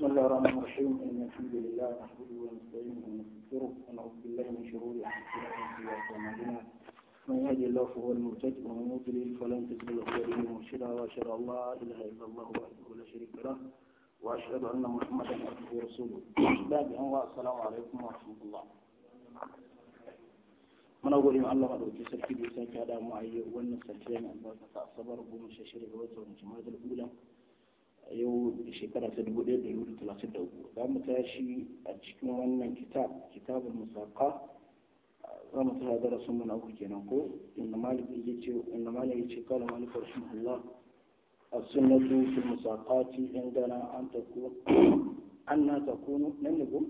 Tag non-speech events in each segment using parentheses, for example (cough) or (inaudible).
بسم الله الرحمن الرحيم إن الحمد لله نحمده ونستعينه ونستغفره ونعوذ بالله من شرور أنفسنا ومن سيئات أعمالنا من يهدي الله فهو المهتد ومن يضلل فلن تجد له وليا مرشدا وأشهد أن لا إله إلا الله وحده لا شريك له وأشهد أن محمدا عبده ورسوله بعد السلام عليكم ورحمة الله من أقول إن الله قد sarki في ya sake معي وأن a أن wannan بمشاشر ne albarka ta a yau da shekara ta dubu ɗaya da yau talatin da uku za mu tashi a cikin wannan kitab kitabun musaka za mu tashi darasin mu na uku kenan ko inda malik ya ce inda malik ya ce kala malik rahimahullah السنة في المساقات عندنا أن تكون أن تكون ننقم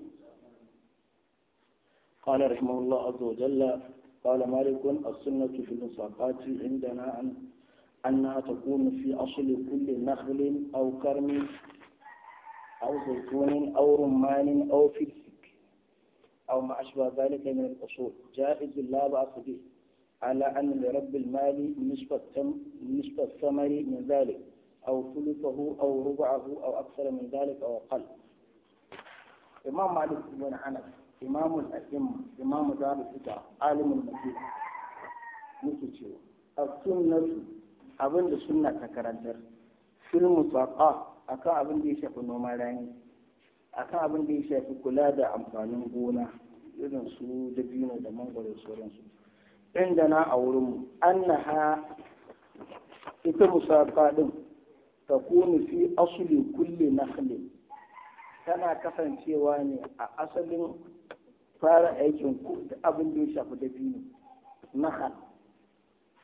قال رحمه الله عز وجل قال مالك السنة في المساقات عندنا أن أنها تكون في أصل كل نخل أو كرم أو زيتون أو رمان أو فلسك أو ما أشبه ذلك من الأصول جائز لا بأس به على أن لرب المال نصف الثمر من ذلك أو ثلثه أو ربعه أو أكثر من ذلك أو أقل إمام مالك بن أنس إمام الأئمة إمام دار الهجرة عالم المدينة نسيت السنة abin da suna ta karantar tsaka a kan abin da ya shafi noman rani a kan abin da ya shafi kula da amfanin gona irin su dabino da mangwaro sauransu inda na a wurinmu annaha ita musaka din kuni fi kulle na hali tana kasancewa ne a asalin fara aikin abin da ya shafi dabino nahal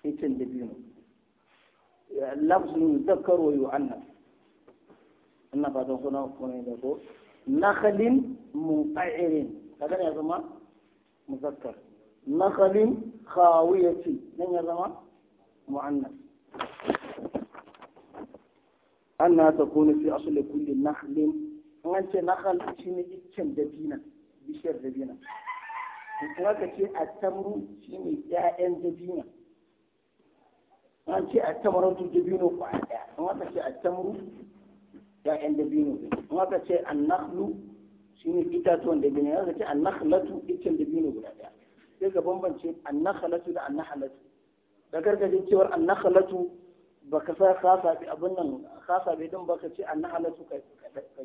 itin dabino lafzu yuzakkar wa yu'annas ina fatan kuna kuna da ko nakhalin munqa'irin kaga ya zama muzakkar nakhalin khawiyati nan ya zama mu'annas anna takunu fi asli kulli nakhlin an ce nakhal shine iccen dabina bishiyar dabina in kuma ka ce a tamru shine ƴaƴan dabina an ce a tamarin tu dabino ɗaya an wata ce a tamaru ya'yan dabino ne an wata ce an nakhlu shi ne itatuwan dabino ya an nakhlatu dabino guda ɗaya sai ka bambance an nakhlatu da an nakhlatu da gargajin cewar a nakhlatu ba ka sa ka a abin nan ka sabi din ba ka ce an nakhlatu ka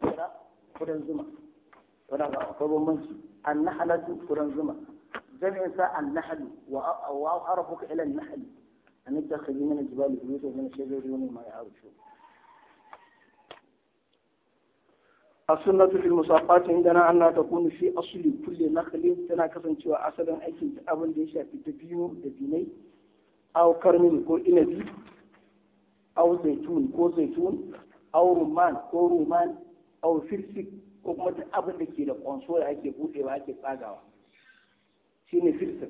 kira kudan zuma ba bambanci an nakhlatu kudan zuma sa an nahlu wa أن اتخذ من الجبال بيوتا ومن الشجر ومما يعرشون السنة في المساقات عندنا أنها تكون في أصل كل نخل تنا كسن شوى أصلا أي كنت أبن ديشا في دبيو دبيني أو كرمين كو إنبي أو زيتون كو زيتون أو رمان كو رمان أو فلفل ko kuma duk abin da ke da kwanso da ake buɗewa ake tsagawa shine filfil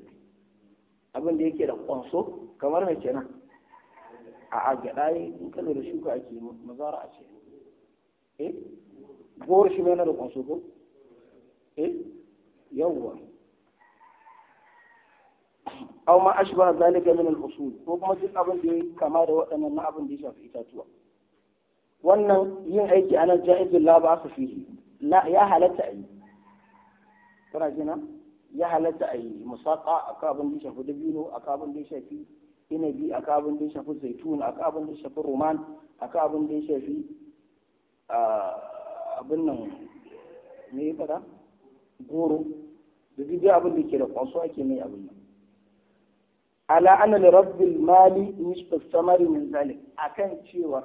abin da yake da kwanso kamar mai kenan a agada in ka da shuka ake mazara a ce eh gowar shi mai na da kwanso ko eh yawwa aw ma ashba zalika min al-usul ko kuma duk abin da yake kama da waɗannan na abin da ya shafi itatuwa wannan yin aiki anan jaizul la ba su fihi la ya halatta ai kana jina ya halatta a yi musaka a kabin da shafi dabino a kabin da shafi inabi a kabin da shafi zaitun a kabin da shafi roman a kabin da shafi abin nan me ya fada goro da duk abin da ke da kwanso ake mai abin nan ala ana li rabbil mali nisfa samari min zalik akan cewa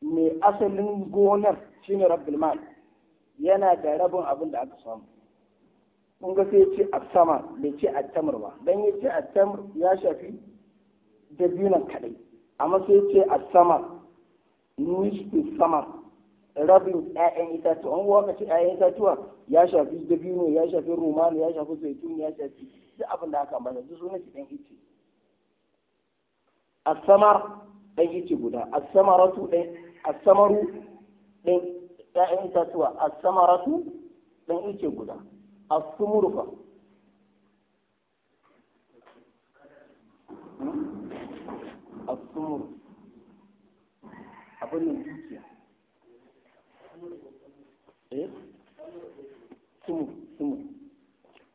mai asalin gonar shine rabbin mali yana da rabin abin da aka samu kun ga sai ce sama bai ce tamar ba dan ya ce tamar ya shafi dabinan kadai amma sai ce asamar nisfi samar rabin ƴaƴan itatuwa an waka ce ƴaƴan itatuwa ya shafi dabino ya shafi rumani ya shafi zaitun ya shafi duk abin da aka masa duk sunan shi dan ice sama dan ice guda asamaratu dan samaru dan ƴaƴan itatuwa ratu dan ice guda الثمر فا الثمر abin nan dukiya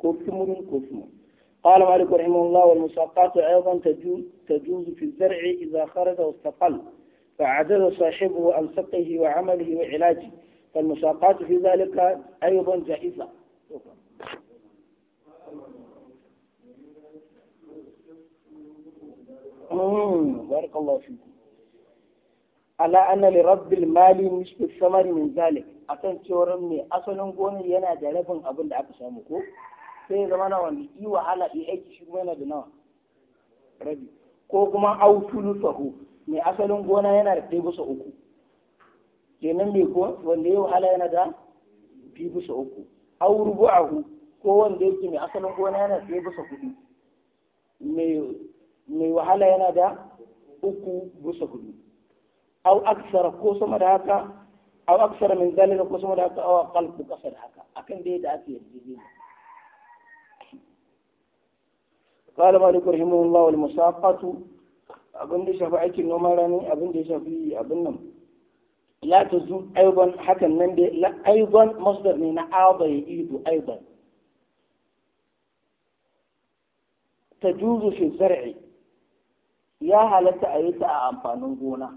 كوب sumur كوب sumur قال مالك رحمه الله والمساقات أيضا تجوز, تجوز في الزرع إذا خرج واستقل فعدد صاحبه عن سقه وعمله وعلاجه فالمساقات في ذلك أيضا جائزة barakallahu fiku ala anna li rabbil mali nisfu samari min zalik akan cewar mai asalin gonar yana da rabin aka samu ko sai ya zama na wanda yi wahala yi aiki shi da nawa rabi ko kuma au sulusahu mai asalin gona yana da ɗaya uku kenan mai ko wanda ya wahala yana da biyu bisa uku au rubu'ahu ko wanda yake mai asalin gona yana da ɗaya bisa kuɗi مي وحالا ينا دا اكو بسكو او اكثر كوسم داكا او اكثر من ذلك كوسم داكا او اقل بكفر حكا اكن دي دا اكيد دي دي قال مالك رحمه الله والمساقة أبن دي شفعك النمراني أبن دي شفعي أبن نم لا تزول أيضا حكا نندي لا أيضا مصدر من أعضي إيدو أيضا تجوز في الزرع ya halatta a yi ta a amfanin gona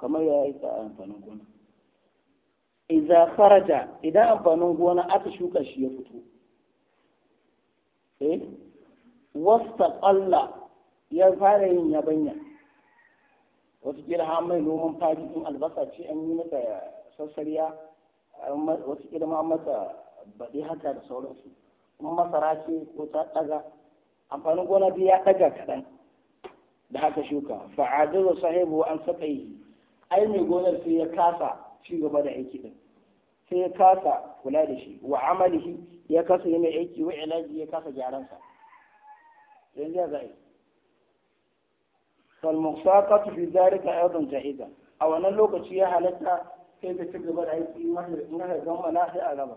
kamar ya yi ta a amfanin gona Iza kharaja idan amfanin gona aka shuka shi ya fito eh wasta ƙalla ya fara yin yabanya wasu kila ha mai noman fari in albasa ce an yi mata sassariya wasu kila ma mata baɗi haka da sauransu kuma masara ce ko ta ɗaga amfanin gona biyu ya ɗaga kaɗan da haka shuka fa'adar sahibu an saka yi ai mai gonar sai ya kasa ci gaba da aiki din sai ya kasa kula da shi wa amalihi ya kasa yi mai aiki wa ilaji ya kasa gyaran sa yanzu ya za'i فالمساقط في ذلك أيضا جائزة أو أن اللغة شيء حالتها كيف تكتب العيب في na sai a gaba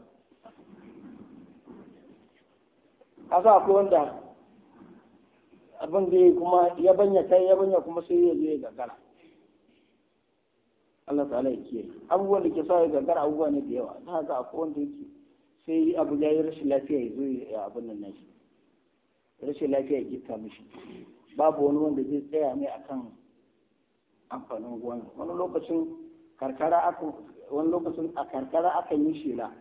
haka أقول wanda abin da ya kuma ya banya kai ya banya kuma sai ya zo ya gagara Allah ta'ala ya kiyaye abubuwan da ke sa ya gagara abubuwa ne da yawa ta haka akwai wanda yake sai abu ya yi rashin lafiya ya zo ya abin nan nashi rashin lafiya ya gitta mishi babu wani wanda zai tsaya mai akan amfanin gona wani lokacin karkara aka wani lokacin a karkara aka yi shela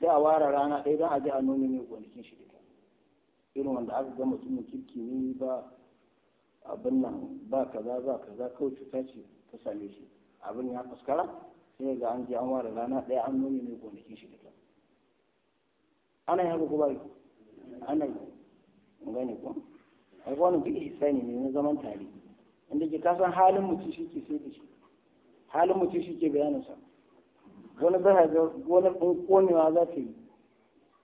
sai a ware rana ɗaya don a je a nome ne gonakin shi duka irin wanda aka ga mutumin kirki ne ba abin nan ba kaza ba kaza kawai cuta ce ta same shi abin ya fuskara sai ga an je an ware rana ɗaya an nome ne gonakin shi duka ana yi haka ko ba ana yi in gane ko ai wannan duk ihsani ne na zaman tare inda ke kasan halin mutum shi ke sai da shi halin mutum shi ke bayanin sa wani za ga wani ɗin konewa za ta yi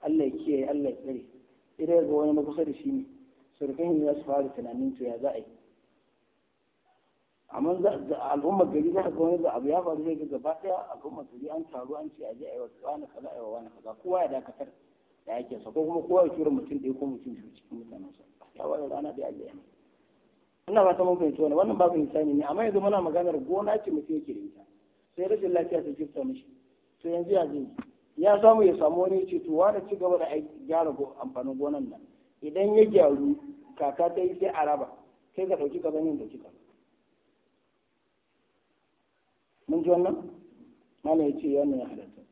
Allah ya kiyaye Allah ya tsare sai ga wani na da shi ne surukan su fara tunanin to ya za a yi amma al'ummar gari za ga wani abu ya faru zai ga gaba daya al'ummar gari an taru an ce a je a yi wa wani kaza a yi wa wani kaza kowa ya dakatar da yake sa ko kuma kowa ya tura mutum ɗaya ko mutum biyu cikin mutanen sa ya wani rana da yake yana ina ba ta mun fahimci wannan wannan yi misali ne amma yanzu muna maganar gona ce mutum yake da ita sai rashin lafiya ta gifta mishi to yanzu ya zai ya samu ya samu wani ce to ci gaba da aiki gyara amfanin gonan nan idan ya gyaru kaka ta yi sai a raba kai ka ɗauki kaza yin ɗauki kaza mun ji wannan mana ya ce wannan ya halatta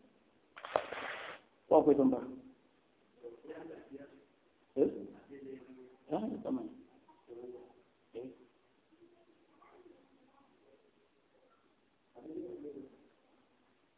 ko akwai tambaya eh ya eh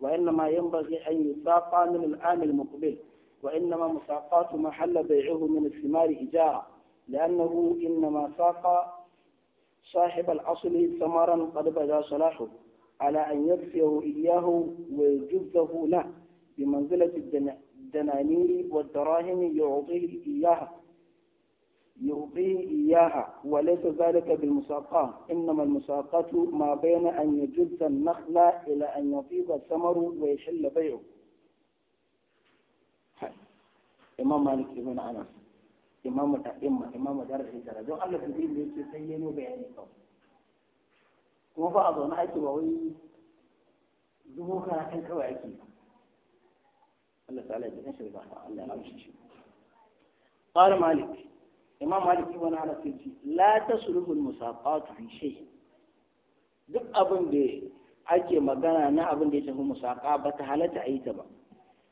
وإنما ينبغي أن يساقى من العام المقبل وإنما مساقات محل بيعه من الثمار إجارة لأنه إنما ساق صاحب الأصل ثمرا قد بدا صلاحه على أن يكفيه إياه ويجزه له بمنزلة الدنانير والدراهم يعطيه إياها يعطيه إياها وليس ذلك بالمساقاة إنما المساقاة ما بين أن يجز النخلة إلى أن يفيض الثمر ويشل بيعه إمام مالك بن أنس إمام الأئمة إمام دار الهجرة جو الله تبين الدين يجي سيني بيعني kuma ba a zaune ake ba wai dubu kana kan kawai ake Allah ta'ala ya ji قال مالك imam malik wani ana yace la ta al-musaqat fi shay duk abin da ake magana na abin da ya shafi musafa ba ta halatta a yi ta ba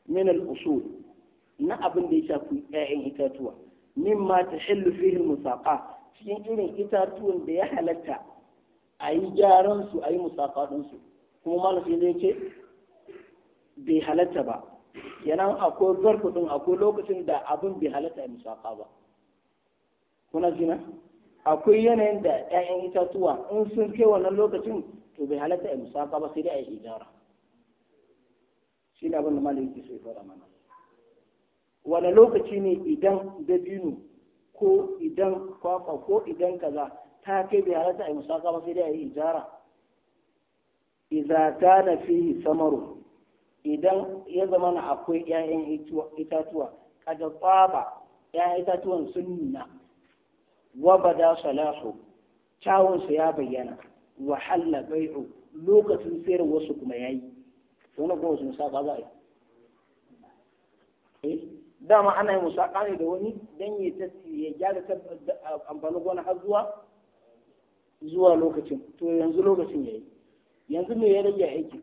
min al-usul na abin da ya shafi 'ya'yan itatuwa mimma tahillu fihi al musafa cikin irin itatuwan da ya halatta a yi gyaran su a yi musafa din su kuma malam sai yace bai halatta ba kenan akwai zarfudin akwai lokacin da abin bai halatta a musaka ba kuna jina akwai yanayin da 'ya'yan itatuwa in sun kai wannan lokacin to bai halatta a musaka ba sai dai a yi ijara shi ne abin da malin ke so ya fara mana wani lokaci ne idan dabino ko idan kwakwa ko idan kaza ta kai bai halatta a yi musaka ba sai dai a yi ijara izata na fi samaru idan ya zama na akwai 'ya'yan itatuwa kada tsaba 'ya'yan itatuwan sun nuna wa bada salahu kyawunsu ya bayyana wa halla bai'u lokacin sayar wasu kuma yayi to na kuma musaka za a yi dama ana yin musaka ne da wani dan ya ta ya gyara amfanin gona har zuwa zuwa lokacin to yanzu lokacin ya yi, yanzu me ya rage aiki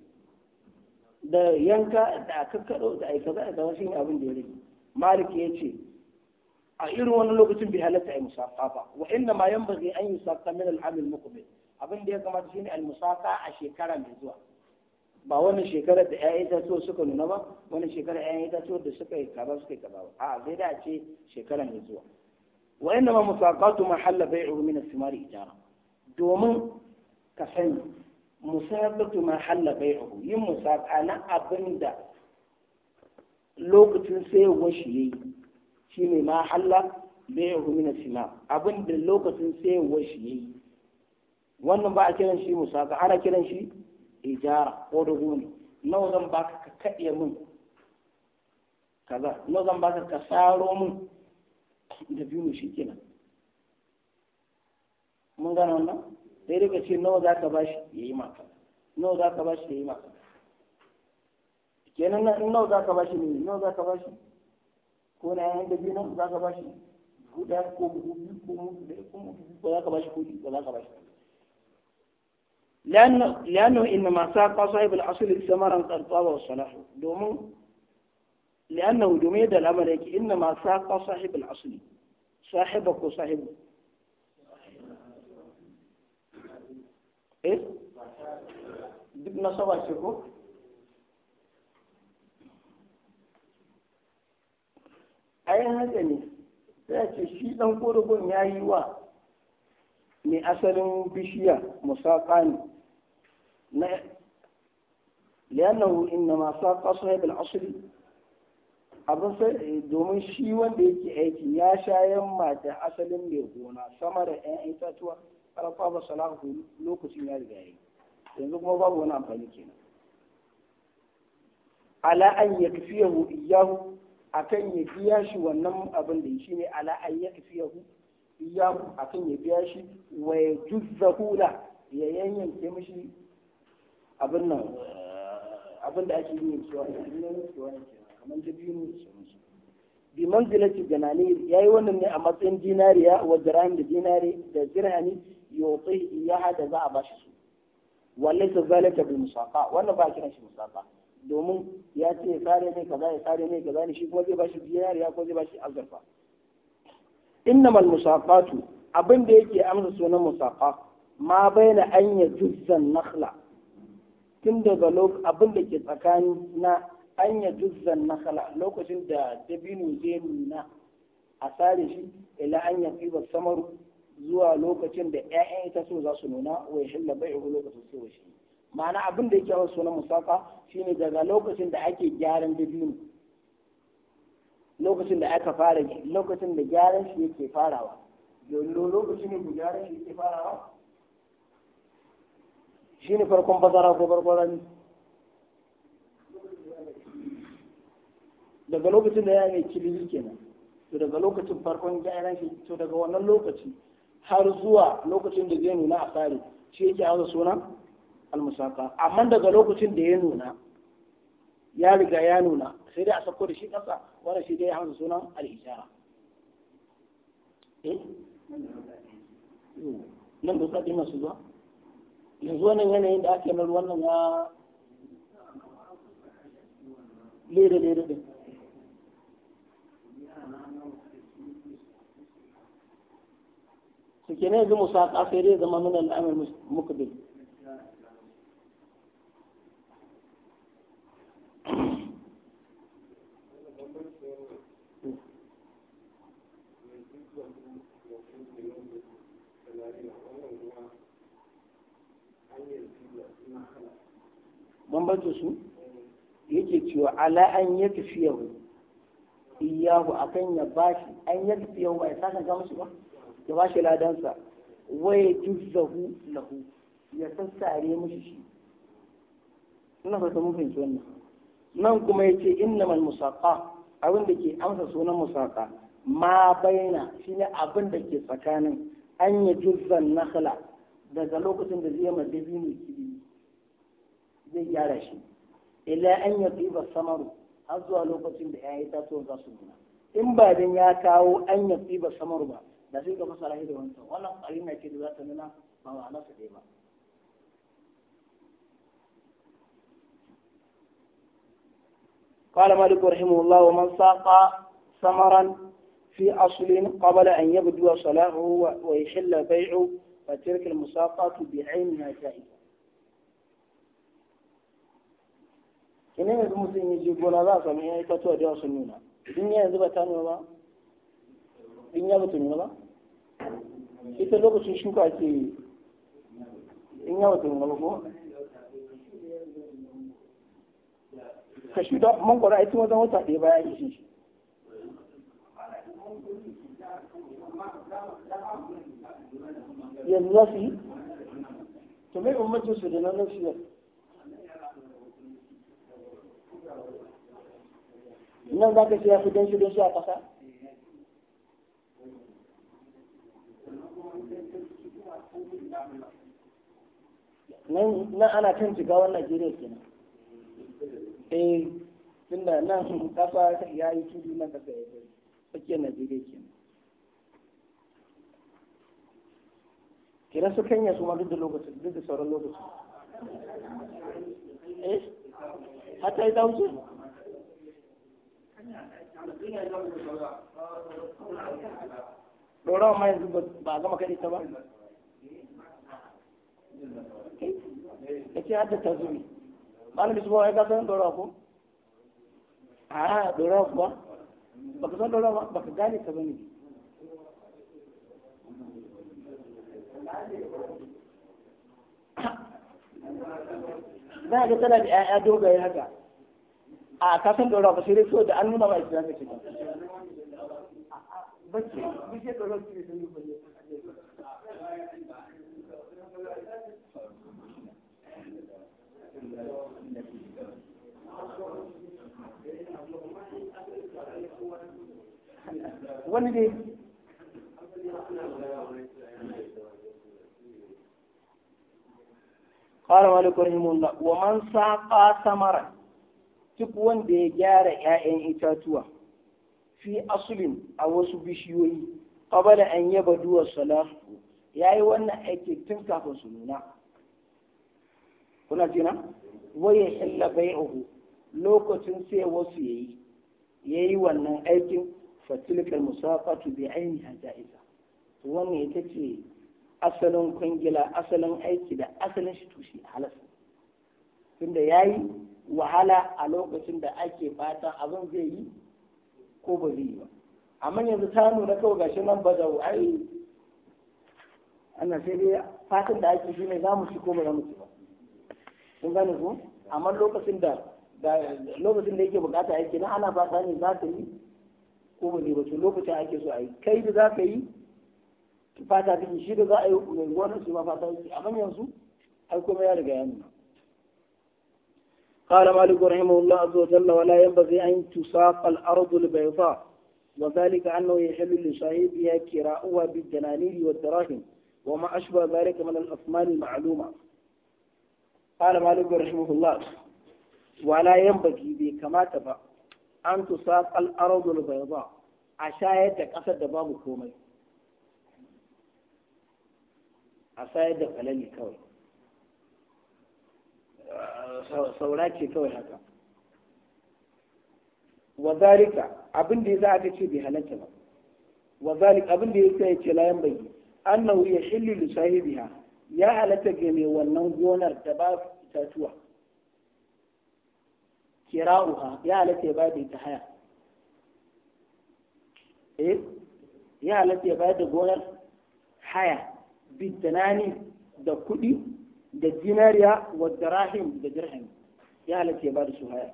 da yanka da kakkaɗo da aikata da wasu abin da ya rage malik ya ce a irin wani lokacin bai halatta ya musaka ba wa inna ma yan bazai an yi saka min al'amil muqbil abin da ya kamata shine al musaka a shekara mai zuwa ba wani shekarar da ƴaƴan itatuwa suka nuna ba wannan shekarar ƴaƴan itatuwa da suka yi kaza suka yi kaza ba a'a zai da a ce shekara mai zuwa wa inna ma musaqatu ma halla bai'u min as-simari ijara domin ka sani musaqatu ma halla bai'u yin musaqa na abinda lokacin sayarwar shi yayi ne ma halla ya hu mina sina abin da lokacin sayarwar shi ne. wannan ba a kiran shi musaka ana kiran shi ijara ko da gumi nawa zan baka ka kaɗe min kaza nawa zan baka ka saro min da biyu shi kenan mun gano wannan sai ka ce nawa za ka ba shi ya yi maka nawa za ka ba shi ya yi maka kenan nawa za ka ba shi ne nawa za ka ba shi لأنه لأنه إنما ساق صاحب الأصل ثمرا قد طاب وصلاح دومون لأنه دميد الأمريك إنما ساق صاحب الأصل صاحبك وصاحبه إيه؟ بدنا صباح شكوك ai haka ne ya ce shi ɗan ƙurubun ya yi wa mai asalin bishiya musaƙa ne na liyannahu inna masu saqa sahib al-asl abin eh, domin shi wanda yake aiki ya shayan mata asalin mai gona sama da 'yan itatuwa farfa ba salahu lokacin ya riga yi yanzu kuma babu wani amfani kenan ala an yakfiyahu iyyahu akan ya biya shi wannan abin da shi ne ala an ya tafiyahu iyahu akan ya biya shi wa ya juzzahu hula ya yanyanke mishi abin nan abin da ake yin cewa ne cewa ne kamar ta biyu ne bi manzilati ganani yayi wannan ne a matsayin dinariya wa dirham da dinari da dirhami yotsi, ya da za a bashi su wallahi zalika bil musafa? wannan ba kiran shi musafa. domin ya ce ya tsare mai kaza ya tsare mai kaza ne shi kuma zai bashi ya ko zai bashi azurfa innamal musafatu abin da yake amsa sunan musafa ma bayna an ya juzzan nakhla tun daga lokacin abin da ke tsakani na an ya juzzan nakhla lokacin da dabino zai nuna a sare shi ila an ya fiba samaru zuwa lokacin da ƴaƴan ita so za su nuna wa ya shilla bai'u lokacin sai wa shi ma'ana abin da yake wasu suna musaka shine daga lokacin da ake gyaran dabino lokacin da aka fara lokacin da gyaran shi yake farawa yallo lokacin da gyaran shi yake farawa shine farkon bazara ko barbarani daga lokacin da ya mai kiliri kenan to daga lokacin farkon gyaran shi to daga wannan lokaci har zuwa lokacin da zai nuna a fare shi yake haza sunan almusaka amma daga lokacin da ya nuna ya riga ya nuna sai dai a sako da shi kasa wannan shi dai hanzu sunan al-ijara eh nan da kuɗaɗe masu zuwa yanzu wannan yanayin da ake na wannan ya lere lere din su ke yanzu musaka sai dai zama nuna al'amar mukabil bambanta su yake cewa ala an ya tafiyahu iyahu kan ya bashi an ya tafiyahu ba ya sakan ga musu ba ya bashi ladansa waye juzzahu lahu ya sassare mushi shi ina fata mun fahimci wannan nan kuma ya yace innamal musaqa abin da ke amsa sunan musaqa ma baina shi abin da ke tsakanin an ya juzzan nakhla daga lokacin da zai yi madabini zai gyara shi ila an ya tsiba samaru har zuwa lokacin da ya yi tatuwar za su nuna in ba dan ya kawo an ya tsiba samaru ba da sai ka fasara shi da wancan wannan karina ce da za ta nuna ba ma'ana su ɗaya ba قال مالك رحمه الله ومن ساق ثمرا في أصل قبل أن يبدو صلاحه ويحل بيعه فتلك المساقات بعينها جائزة ina yanzu mutum ya je gona za a sami ya yi fatuwa da yawa nuna idan ya yanzu ba ta nuna ba in ya bata nuna ba ita lokacin shuka ake in ya bata nuna ba ko ka shuka mangwara a cikin wajen wata ɗaya baya shi yanzu za su yi to mai umarci su da nan nan su nan za ka ce ya fi don shi don shi a ƙasa nan ana kan jigawar najeriya kenan eh da nan kasa ya yi tudu na kasa ya zai tsakiyar najeriya ke nan kira su kanya su ma duk da lokacin duk da sauran lokacin eh hata ya dauce ɗorawa ma yanzu ba gama kaɗe ta ba ya ce hadda ta zuri malami su ba ya gasa ɗorawa ko a ɗorawa kuwa baka san ɗorawa ba baka gane ta ba za a ga tana da 'ya'ya dogaye haka a kasan ɗora ba sai dai da an nuna mai wani dai قال مالك رحمه الله ومن ثمرا duk wanda ya gyara 'ya'yan itatuwa fi asulin a wasu bishiyoyi da an yaba duwa ya yi wannan aiki tun kafin su nuna kuna jina waye hilla bai'uhu lokacin sai wasu ya yi, ya yi wannan aikin musafatu musaqatu bi ainiha ja'iza wannan ita ce asalin kungila asalin aiki da asalin shi tushe halas tunda yi. wahala a lokacin da ake fatan abin zai yi ko ba zai yi ba amma yanzu ta nuna kawai gashi nan ba zau ai ana sai dai fatan da ake shi ne za mu shi ko ba za mu ci ba kun gane ko amma lokacin da lokacin da yake bukata aiki na ana fata ne za ta yi ko ba zai ba to lokacin ake so a yi kai da za ka yi fata ta shi da za a yi wani su ba fata yake amma yanzu ai kuma ya riga ya nuna قال مالك رحمه الله عز وجل ولا ينبغي أن تساق الأرض البيضاء وذلك أنه يحل لصاحبها كراؤها بالدنانير والدراهم وما أشبه ذلك من الأثمان المعلومة قال مالك رحمه الله ولا ينبغي بي كما تبع أن تساق الأرض البيضاء عشايتك أسد باب كومي عشايتك على الكوي saura ce kawai haka wa abin da ya za a ka ce bai halatta ba wa abin da ya yasa yace la yan bayyi annahu yahillu li sahibiha ya halatta ga mai wannan gonar da ba kira kira'uha ya halatta ya bada ta haya eh ya halatta ya bada gonar haya bitanani da kuɗi da dinariya wa dirahim da dirham ya halatta ya bada su haya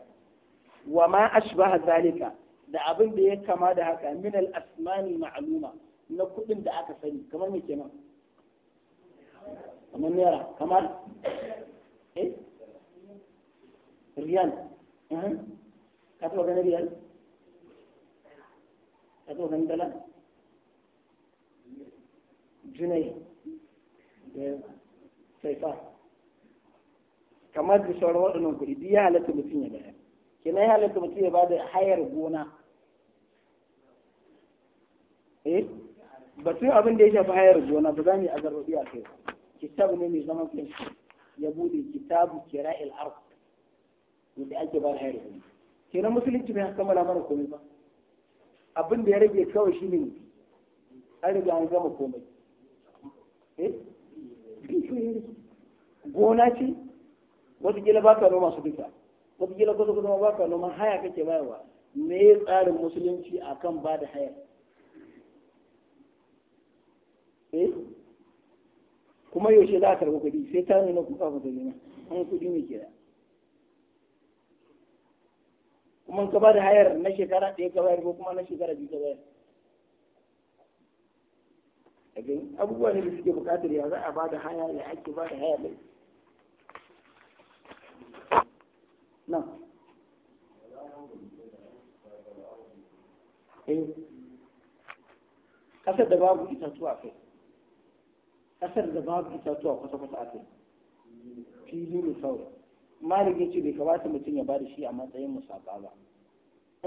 wa ma ashbaha zalika da abin da ya kama da haka min al asmani ma'luma na kudin da aka sani kamar me kenan kamar naira kamar eh riyal ka taba ganin riyal ka taba ganin dala junai shaitan kamar da sauran waɗannan kuɗi duk ya halatta mutum ya bayar kenan ya halatta mutum ya bada hayar gona eh batun abin da ya shafi hayar gona ba za mu yi azarbabi a kai kitabu ne mai zaman kanshi ya bude kitabu kira'il arq yadda ake ba hayar gona kenan musulunci bai kammala mana komai ba abin da ya rage kawai shine an riga an gama komai eh gona ce gila ba ka noma su duka watakila kusa kusa ma ba ka noma haya kake bayarwa me tsarin musulunci akan ba da haya eh? kuma yaushe za a karɓi kuɗi sai ta nuna kuma kafa ta nuna an kuɗi ne kira kuma ka ba da hayar na shekara ɗaya ka bayar ko kuma na shekara biyu ka bayar abubuwa ne da suke bukatar ya za a ba da haya ya ake ba da haya mai nan eh kasar da babu itatuwa kai kasar da babu itatuwa kusa kusa a kai fili ne kawai malik ya ce bai kamata mutum ya ba da shi a matsayin musaba ba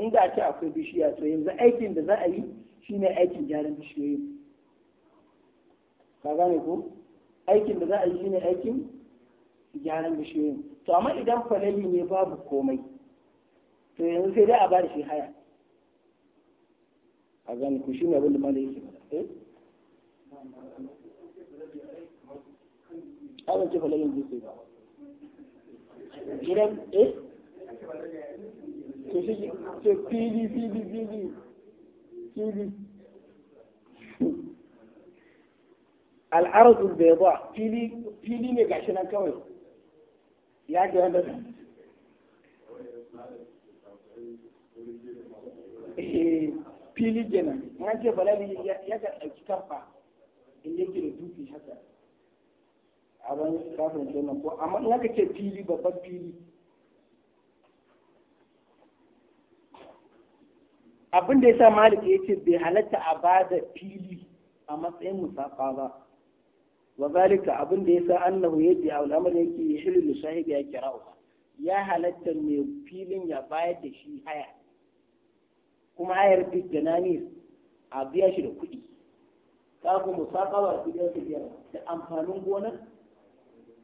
in da ake akwai bishiya to yanzu aikin da za a yi shine aikin gyaran bishiyoyi ka gane ko aikin da za a yi shi ne aikin gyaran bishiyoyin to amma idan falali ne babu komai to yanzu sai dai a bada shi haya a gane ku ne abin da malai yake ba eh abin ce falalin zai sai ba gidan eh to shi to fili fili fili fili al'arzul bai ba fili ne gashi nan kawai ya ga wanda eh, fili kenan an ce balali ya ga ɗauki kamfa in yake da dufi haka a ban kafin kenan ko amma in aka ce fili babban fili abin da ya sa malik ya ce bai halatta a ba da fili a matsayin musafa ba wa zalika abin da yasa annahu yadda al'amar yake yashiru li sahibi ya kira'u ya halatta mai filin ya bayar da shi haya kuma hayar fitnani a biya shi da kuɗi ta ku musaqaba kuɗin su biyar da amfanin gonar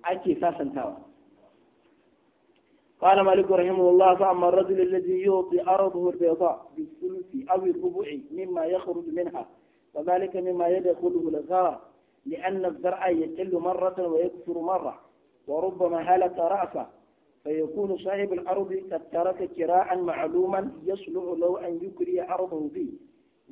ake sasantawa قال مالك رحمه الله فأما الرجل الذي يعطي أرضه البيضاء بالثلث أو الربع مما يخرج منها وذلك مما يدخله الغار لأن الزرع يقل مرة ويكثر مرة وربما هلك رأسه فيكون صاحب الأرض قد ترك كراء معلوما يصلح لو أن يكري أرضه به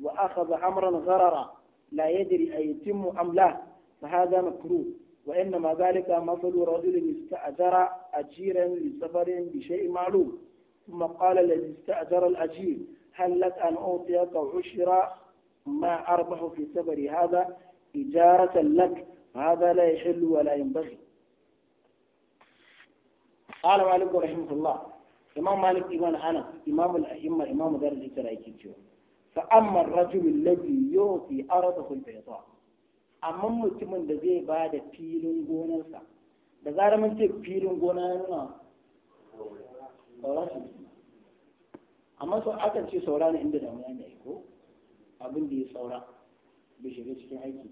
وأخذ أمرا غررا لا يدري أيتم أم لا فهذا مكروه وإنما ذلك مثل رجل استأجر أجيرا لسفر بشيء معلوم ثم قال الذي استأجر الأجير هل لك أن أعطيك عشر ما أربح في سفري هذا إجارة لك هذا لا يحل ولا ينبغي قال مالك رحمه الله إمام مالك إمام أنا إمام الأئمة إمام دار الهجرة فأما الرجل الذي يعطي أرضه البيضاء amma mutumin da zai ba da filin gonarsa da zarar mun ce filin gona ya nuna saurashi amma sau akan ce saura ne inda damuwa ne ko abin da ya saura bai shiga cikin aiki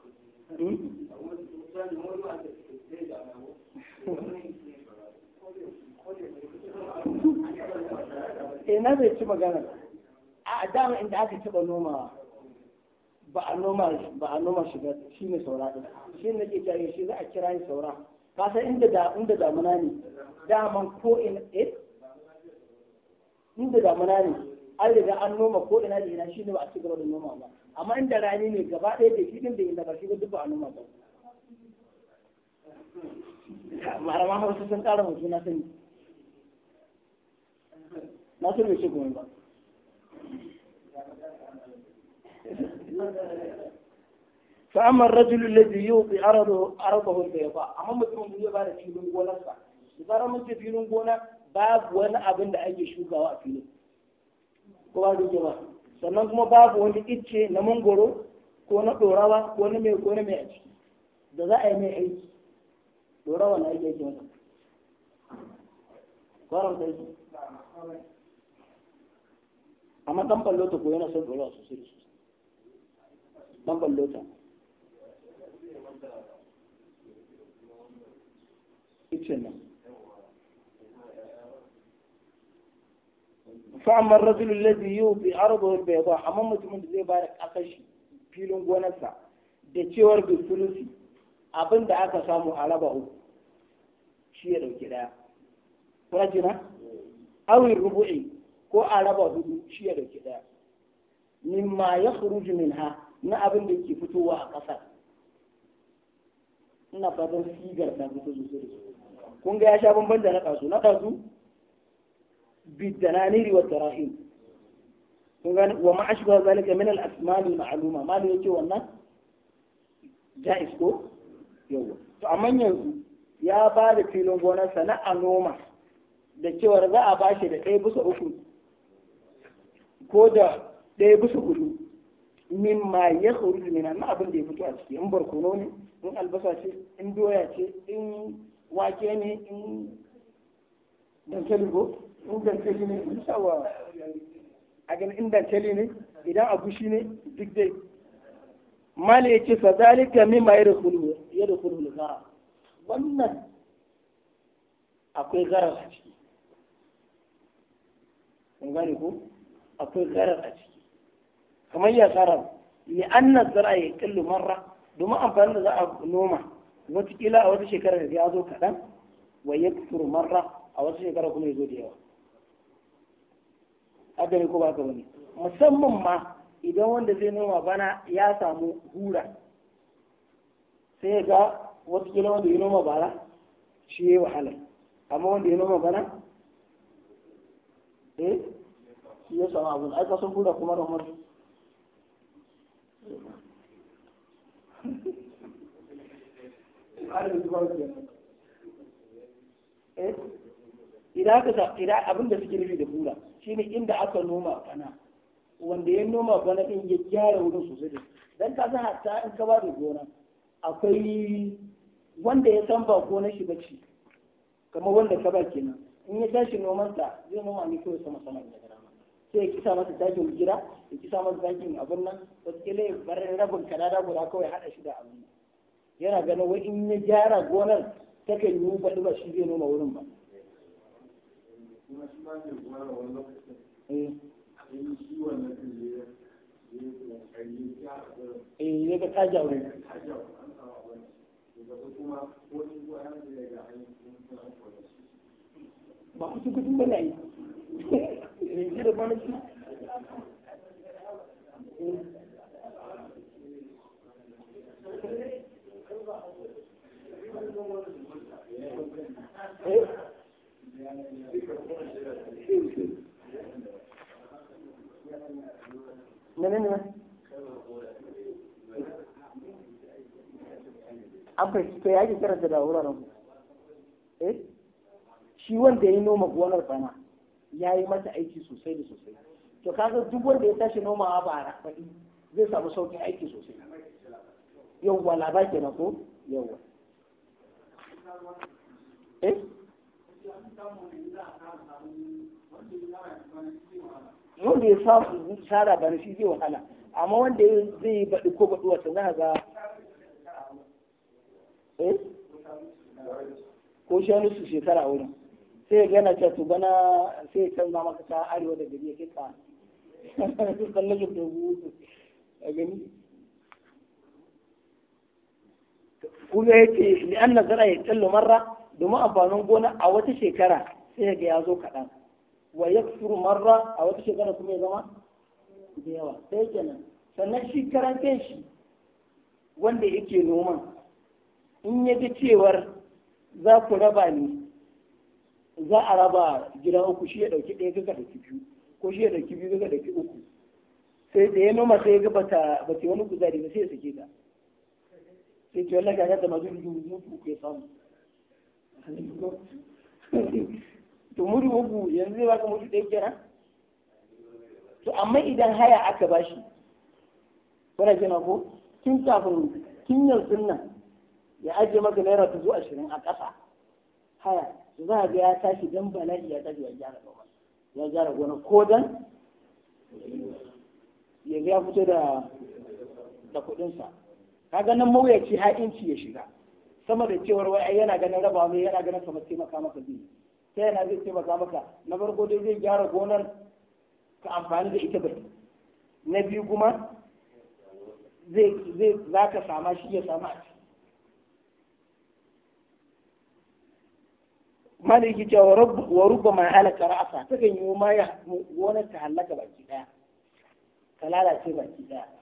ina eh, zai ci magana a dama inda aka taɓa noma ba a noma shi ba shi ne saura ɗin shi ne ke jaye shi za a kira yi saura ka san inda da inda damuna ne daman ko in, eh inda damuna ne an riga an noma ko ina da ina shi ne ba a ci gaba da noma ba amma inda rani ne gaba ɗaya da shi ɗin da inda ba shi ba duk ba a noma ba marama hausa sun ƙara mutu na sani na sun bai ce gome ba فأما الرجل الذي يعطي أرضه أرضه البيضاء أما mutumin da ya da filin gonarsa da zarar mun ce filin gona babu wani abin da ake shugawa a filin ko ba da ba sannan kuma babu wani icce na mangoro ko na ɗorawa ko na mai ko na mai a da za a yi mai aiki ɗorawa na aiki aiki masa kwanan ta yi amma ɗan ballota ko yana son ɗorawa sosai da sosai lota ballota iccen nan فأما الرجل الذي يوفي أرضه البيضاء أما zai زي بارك أكشي filin gonarsa da cewar bisulusi abin da aka samu a raba uku shi ya ɗauki ɗaya kuna jina awin rubu'i ko a raba hudu shi ya ɗauki ɗaya mimma ya khuruju min ha na abin da ke fitowa a ƙasar ina fatan sigar na fito sosai da su kun ga ya sha bamban da na ƙasu na ƙasu بالدنانير والدراهم وما أشبه ذلك من الأسماء المعلومة ما لي يجي والناس جائز كو يوه فأمن ينزو يا بعد في لونغونا سنة نوما da cewar za a bashi da ɗaya bisa uku ko da ɗaya bisa hudu min ma ya kharuju min na abin da ya fito a ciki in barkono ne in albasa ce in doya ce in wake ne in dankali in dankali ne in a ganin ne idan agushi ne duk dai mali ya ce fazalika mimma ya rukunu ya rukunu ga wannan akwai garar a ciki kun gane ko akwai garar a ciki kamar ya tsara li annas zara ya kullu marra domin amfanin da za a noma kila a wata shekarar ya zo kaɗan wa ya marra a wata shekara kuma ya zo da yawa haka ko ba ka wani musamman ma idan wanda zai noma bana ya samu hura sai ga wasu kila wanda ya noma bara shi ya yi wahala amma wanda ya noma bana eh shi ya samu abin aika sun hura kuma da mutu eh, idan abin da suke nufi da hura shine inda aka noma bana wanda ya noma bana din ya gyara wurin sosai dan ka san hatta in ka ba da gona akwai wanda ya san ba gona shi bace kamar wanda ka ba kenan in ya tashi noman sa zai noma ne kawai sama sama ne sai ya kisa masa takin gida ya kisa masa takin abin nan wasu ya bar rabin kadada guda kawai haɗa shi da abin yana ganin wai in ya gyara gonar takan yi ba ba shi zai noma wurin ba kuma shi ma ke kuma da wani lokacin eh. in shi wannan kan je ya yi ya eh ya ga kaja wani an kuma wani ko an je ga hanyar kuma ba ku cikin sun yi eh, da shi Eh? eh. menene ne an fahimci to ya ke karanta da wuraren eh shi wanda ya noma gonar bana ya yi mata aiki sosai da sosai to kaga duk wanda ya tashi nomawa ba a faɗi zai samu sauƙin aiki sosai yawwa ke na ko yawwa eh wanda ya samu tsara ba shi zai wahala amma wanda zai yi baɗi ko baɗi wata za ga eh, ko shanu su shekara wurin sai ya gana ta su bana sai ya canza maka ta arewa da gari ya kai ka tsallakin (laughs) da gudu a gani kuma ya ce li'an nazara ya tsallo marra domin amfanin gona a wata shekara sai ga ya zo kaɗan wa ya marra a wata shekara kuma ya zama da yawa sai kenan sannan shi karan shi wanda yake noman in ya ji cewar za ku raba ne za a raba gida uku shi ya ɗauki ɗaya ga ɗauki biyu ko shi ya ɗauki biyu ga ɗauki uku sai da ya noma sai ga bata bata wani guzari ba sai ya sake ta sai ce wallahi ga ta mazu dubu mutu ku ya samu (laughs) to muri wugu yanzu zai baka mudu ɗaya kenan to amma idan haya aka bashi kuna jina ko kin kafin kin yanzu nan ya ajiye maka naira dubu ashirin a ƙasa haya za a ga ya tashi dan bala'i ya tashi ya gyara gona ya gyara gona ko dan ya ga ya fito da da kuɗinsa kaga nan mawuyaci ha'inci ya shiga sama da cewar wai yana ganin raba mai yana ganin kamar taimaka maka zai ta yana zai taimaka maka na farko dai zai gyara gonar ka amfani da ita bai na biyu kuma zai za ka sama shi ya sama a maliki ce wa rubba mai halaka ra'asa ta kan yi ma ya gonar ta halaka baki daya ta lalace baki daya